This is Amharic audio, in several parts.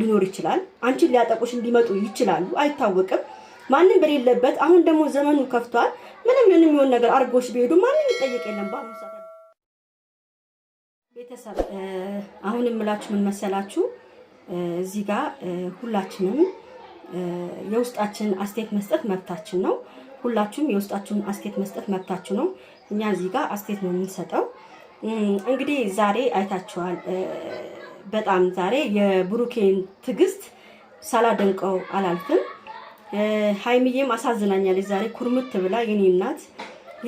ሊኖር ይችላል። አንቺን ሊያጠቁሽ ሊመጡ ይችላሉ፣ አይታወቅም። ማንም በሌለበት አሁን ደግሞ ዘመኑ ከፍቷል። ምንም ምንም የሚሆን ነገር አድርጎሽ ቢሄዱ ማንም ይጠየቅ የለም። በአሁኑ ሰዓት ቤተሰብ አሁን የምላችሁ ምን መሰላችሁ? እዚህ ጋር ሁላችንም የውስጣችን አስተያየት መስጠት መብታችን ነው። ሁላችሁም የውስጣችሁን አስተያየት መስጠት መብታችሁ ነው። እኛ እዚህ ጋር አስተያየት ነው የምንሰጠው። እንግዲህ ዛሬ አይታችኋል በጣም ዛሬ የብሩኬን ትዕግስት ሳላደንቀው አላልፍም። ሀይሚዬም አሳዝናኛለች ዛሬ ኩርምት ብላ። የኔ እናት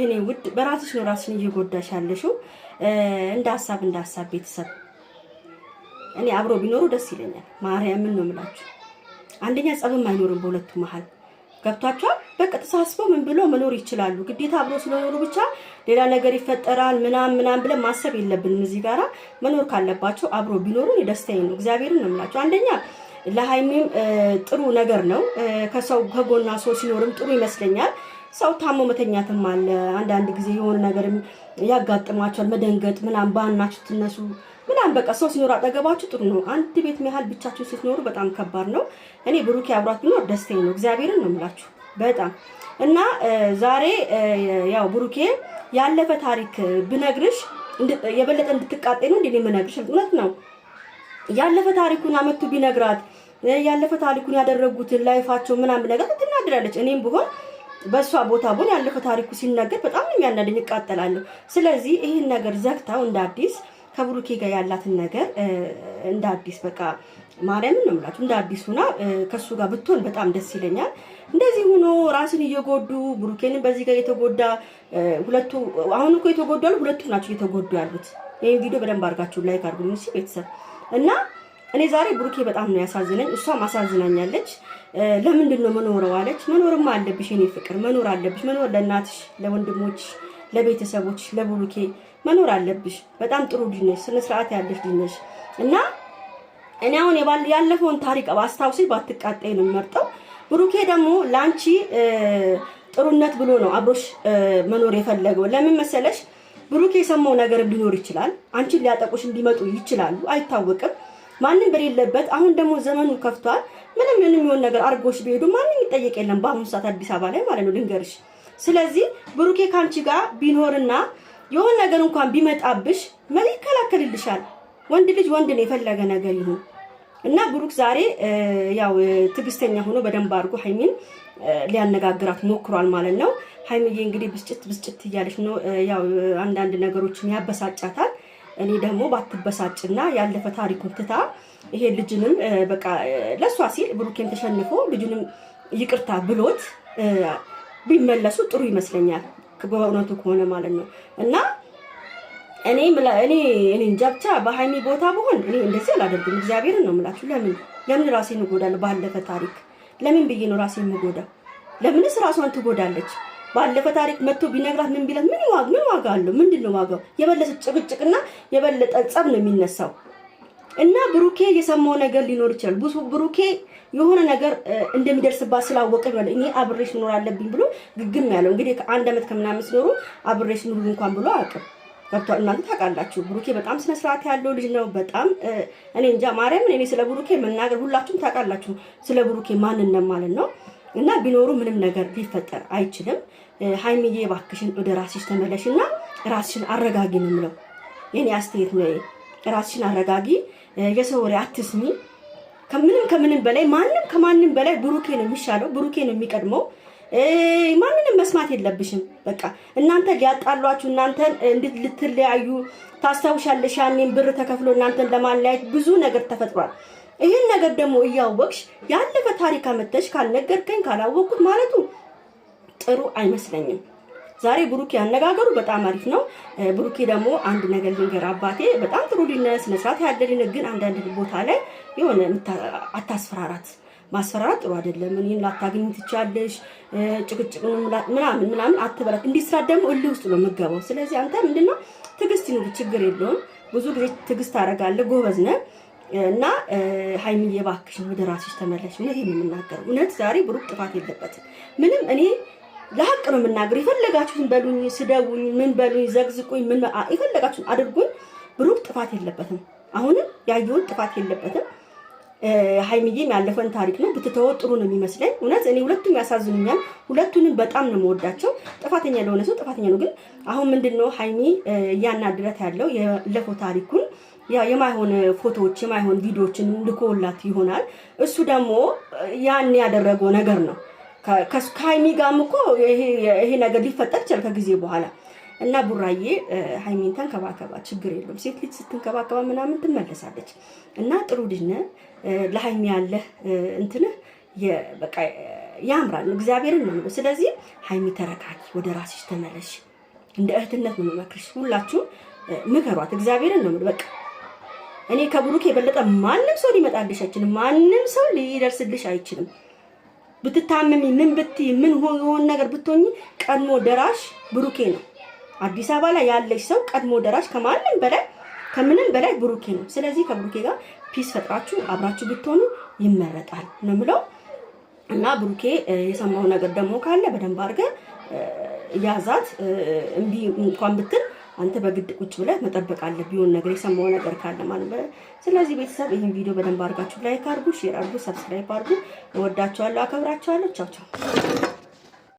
የኔ ውድ በራስሽ ነው ራስሽን እየጎዳሽ ያለሽው። እንደ ሀሳብ እንደ ሀሳብ ቤተሰብ እኔ አብሮ ቢኖሩ ደስ ይለኛል። ማርያምን ነው የምላችሁ። አንደኛ ጸብም አይኖርም በሁለቱ መሀል ገብቷቸዋል። በቃ ተሳስበው ምን ብሎ መኖር ይችላሉ። ግዴታ አብሮ ስለኖሩ ብቻ ሌላ ነገር ይፈጠራል ምናም ምናም ብለን ማሰብ የለብንም። እዚህ ጋራ መኖር ካለባቸው አብሮ ቢኖሩ የደስታዬ ነው። እግዚአብሔርን ነው የምላቸው። አንደኛ ለሀይሚም ጥሩ ነገር ነው። ከሰው ከጎና ሰው ሲኖርም ጥሩ ይመስለኛል። ሰው ታሞ መተኛትም አለ። አንዳንድ ጊዜ የሆነ ነገርም ያጋጥማቸዋል። መደንገጥ ምናም ባናችሁ ትነሱ ምናም በቃ ሰው ሲኖር አጠገባችሁ ጥሩ ነው። አንድ ቤት ያህል ብቻችሁ ስትኖሩ በጣም ከባድ ነው። እኔ ብሩኬ አብሯት ቢኖር ደስተኝ ነው። እግዚአብሔርን ነው የምላችሁ በጣም እና ዛሬ ያው ብሩኬ ያለፈ ታሪክ ብነግርሽ የበለጠ እንድትቃጠይ ነው እንዴ የምነግርሽ። እውነት ነው ያለፈ ታሪኩን አመቱ ቢነግራት ያለፈ ታሪኩን ያደረጉትን ላይፋቸው ምናምን ነገር ትናድራለች። እኔም ብሆን በእሷ ቦታ ቦን ያለፈው ታሪኩ ሲናገር በጣም የሚያናደኝ፣ እቃጠላለሁ። ስለዚህ ይህን ነገር ዘግታው እንደ አዲስ ከብሩኬ ጋር ያላትን ነገር እንደ አዲስ በቃ ማርያምን ነው የምላችሁ፣ እንደ አዲስ ሁና ከእሱ ጋር ብትሆን በጣም ደስ ይለኛል። እንደዚህ ሆኖ ራስን እየጎዱ ብሩኬንም በዚህ ጋር የተጎዳ ሁለቱ አሁን እኮ የተጎዱ ያሉ ሁለቱ ናቸው እየተጎዱ ያሉት። ይህን ቪዲዮ በደንብ አድርጋችሁ ላይክ አድርጉ ቤተሰብ እና እኔ ዛሬ ብሩኬ በጣም ነው ያሳዝነኝ። እሷም አሳዝናኛለች። ለምንድን ነው መኖረው አለች። መኖርማ አለብሽ የኔ ፍቅር መኖር አለብሽ። መኖር ለእናትሽ፣ ለወንድሞች፣ ለቤተሰቦች፣ ለብሩኬ መኖር አለብሽ። በጣም ጥሩ ልጅ ነሽ፣ ስነ ስርዓት ያለሽ ልጅ ነሽ እና እኔ አሁን ያለፈውን ታሪክ አስታውሲ ባትቃጠይ ነው የምመርጠው። ብሩኬ ደግሞ ለአንቺ ጥሩነት ብሎ ነው አብሮሽ መኖር የፈለገው። ለምን መሰለሽ ብሩኬ የሰማው ነገር ሊኖር ይችላል። አንቺን ሊያጠቁሽ ሊመጡ ይችላሉ፣ አይታወቅም ማንም በሌለበት አሁን ደግሞ ዘመኑ ከፍቷል። ምንም ምንም የሆን ነገር አድርጎሽ ቢሄዱ ማንም ይጠየቅ የለም በአሁኑ ሰዓት አዲስ አበባ ላይ ማለት ነው ልንገርሽ። ስለዚህ ብሩኬ ካንቺ ጋር ቢኖርና የሆነ ነገር እንኳን ቢመጣብሽ መሪ ይከላከልልሻል። ወንድ ልጅ ወንድ ነው፣ የፈለገ ነገር ይሁን እና ብሩክ ዛሬ ያው ትግስተኛ ሆኖ በደንብ አድርጎ ሀይሚን ሊያነጋግራት ሞክሯል ማለት ነው። ሀይሚዬ እንግዲህ ብስጭት ብስጭት እያለች ነው። ያው አንዳንድ ነገሮችን ያበሳጫታል። እኔ ደግሞ ባትበሳጭና ያለፈ ታሪኩን ትታ ይሄ ልጅንም በቃ ለእሷ ሲል ብሩኬን ተሸንፎ ልጁንም ይቅርታ ብሎት ቢመለሱ ጥሩ ይመስለኛል። በእውነቱ ከሆነ ማለት ነው እና እኔ እኔ እኔ እንጃ ብቻ በሀይሚ ቦታ ብሆን እኔ እንደዚህ አላደርግም። እግዚአብሔርን ነው የምላችሁ። ለምን ለምን ራሴን እጎዳለሁ? ባለፈ ታሪክ ለምን ብዬ ነው ራሴን የምጎዳው? ለምንስ ራሷን ትጎዳለች? ባለፈ ታሪክ መጥቶ ቢነግራት ምን ቢለት ምን ዋጋ ምን ዋጋ አለው? ምንድን ነው ዋጋው? የበለጠ ጭቅጭቅና የበለጠ ጸብ ነው የሚነሳው። እና ብሩኬ የሰማው ነገር ሊኖር ይችላል። ብዙ ብሩኬ የሆነ ነገር እንደሚደርስባት ስላወቀ ይሆናል እኔ አብሬሽ መኖር አለብኝ ብሎ ግግም ያለው እንግዲህ ከአንድ ዓመት ከምናምን ሲኖሩ አብሬሽ ኑሩ እንኳን ብሎ አያውቅም። ገብቷል። እናንተ ታውቃላችሁ። ብሩኬ በጣም ስነ ስርዓት ያለው ልጅ ነው። በጣም እኔ እንጃ ማርያምን፣ እኔ ስለ ብሩኬ መናገር ሁላችሁም ታውቃላችሁ፣ ስለ ብሩኬ ማንነት ማለት ነው እና ቢኖሩ ምንም ነገር ሊፈጠር አይችልም። ሀይሚዬ ባክሽን ወደ ራስሽ ተመለሽ እና ራስሽን አረጋጊ ነው የምለው። የኔ አስተያየት ነው። ራስሽን አረጋጊ፣ የሰው ወሬ አትስሚ። ከምንም ከምንም በላይ ማንም ከማንም በላይ ብሩኬ ነው የሚሻለው፣ ብሩኬ ነው የሚቀድመው። ማንንም መስማት የለብሽም። በቃ እናንተ ሊያጣሏችሁ እናንተን እንድት ልትለያዩ ታስታውሻለሽ። ያኔን ብር ተከፍሎ እናንተን ለማለያየት ብዙ ነገር ተፈጥሯል። ይህን ነገር ደግሞ እያወቅሽ ያለፈ ታሪክ አመተሽ ካልነገርከኝ ካላወቅኩት ማለቱ ጥሩ አይመስለኝም። ዛሬ ብሩኬ አነጋገሩ በጣም አሪፍ ነው። ብሩኬ ደግሞ አንድ ነገር ልንገር፣ አባቴ በጣም ጥሩ ሊነ ስነስርዓት ያደልን፣ ግን አንዳንድ ቦታ ላይ የሆነ አታስፈራራት። ማስፈራራት ጥሩ አይደለም። እኔን ላታገኝ ትችያለሽ፣ ጭቅጭቅ ምናምን ምናምን አትበላት። እንዲስራት ደግሞ እልህ ውስጥ ነው የምገባው። ስለዚህ አንተ ምንድነው ትዕግስት ይኑር፣ ችግር የለውም። ብዙ ጊዜ ትዕግስት ታደርጋለህ፣ ጎበዝ ነህ። እና ሀይሚዬ እባክሽን ወደ ራስሽ ተመለሽ። እውነት የምናገረው እውነት ዛሬ ብሩክ ጥፋት የለበትም ምንም። እኔ ለሀቅ ነው የምናገረው። የፈለጋችሁን በሉኝ፣ ስደቡኝ፣ ምን በሉኝ፣ ዘግዝቁኝ፣ ምን የፈለጋችሁን አድርጉኝ። ብሩክ ጥፋት የለበትም። አሁንም ያየሁት ጥፋት የለበትም። ሀይሚዬም ያለፈን ታሪክ ነው ብትተወ ጥሩ ነው የሚመስለኝ። እውነት እኔ ሁለቱም ያሳዝኑኛል። ሁለቱንም በጣም ነው መወዳቸው። ጥፋተኛ ለሆነ ሰው ጥፋተኛ ነው። ግን አሁን ምንድን ነው ሀይሚ እያናድረት ያለው ያለፈው ታሪኩን የማይሆን ፎቶዎች የማይሆን ቪዲዮዎችን ልኮላት ይሆናል። እሱ ደግሞ ያን ያደረገው ነገር ነው። ከሀይሚ ጋርም እኮ ይሄ ነገር ሊፈጠር ይችላል ከጊዜ በኋላ እና ቡራዬ ሀይሚን ተንከባከባ፣ ችግር የለም ሴት ልጅ ስትንከባከባ ምናምን ትመለሳለች። እና ጥሩ ልጅ ነህ፣ ለሀይሚ ያለህ እንትንህ በቃ ያምራል። እግዚአብሔርን ነው የምለው። ስለዚህ ሀይሚ ተረካኪ፣ ወደ ራስሽ ተመለሽ። እንደ እህትነት ነው የምመክርሽ። ሁላችሁም ምከሯት። እግዚአብሔርን ነው የምለው። በቃ እኔ ከብሩክ የበለጠ ማንም ሰው ሊመጣልሽ አይችልም። ማንም ሰው ሊደርስልሽ አይችልም። ብትታመሚ ምን ብትይ ምን ሆን ነገር ብትሆኝ ቀድሞ ደራሽ ብሩኬ ነው። አዲስ አበባ ላይ ያለች ሰው ቀድሞ ደራሽ ከማንም በላይ ከምንም በላይ ብሩኬ ነው። ስለዚህ ከብሩኬ ጋር ፒስ ፈጥራችሁ አብራችሁ ብትሆኑ ይመረጣል ነው የምለው እና ብሩኬ የሰማው ነገር ደግሞ ካለ በደንብ አድርገህ ያዛት። እምቢ እንኳን ብትል አንተ በግድ ቁጭ ብለህ መጠበቅ አለ ቢሆን ነገር የሰማው ነገር ካለ ማለት ነው። ስለዚህ ቤተሰብ ይህን ቪዲዮ በደንብ አድርጋችሁ ላይክ አድርጉ፣ ሼር አድርጉ፣ ሰብስክራይብ አድርጉ። እወዳችኋለሁ፣ አከብራችኋለሁ። ቻው ቻው።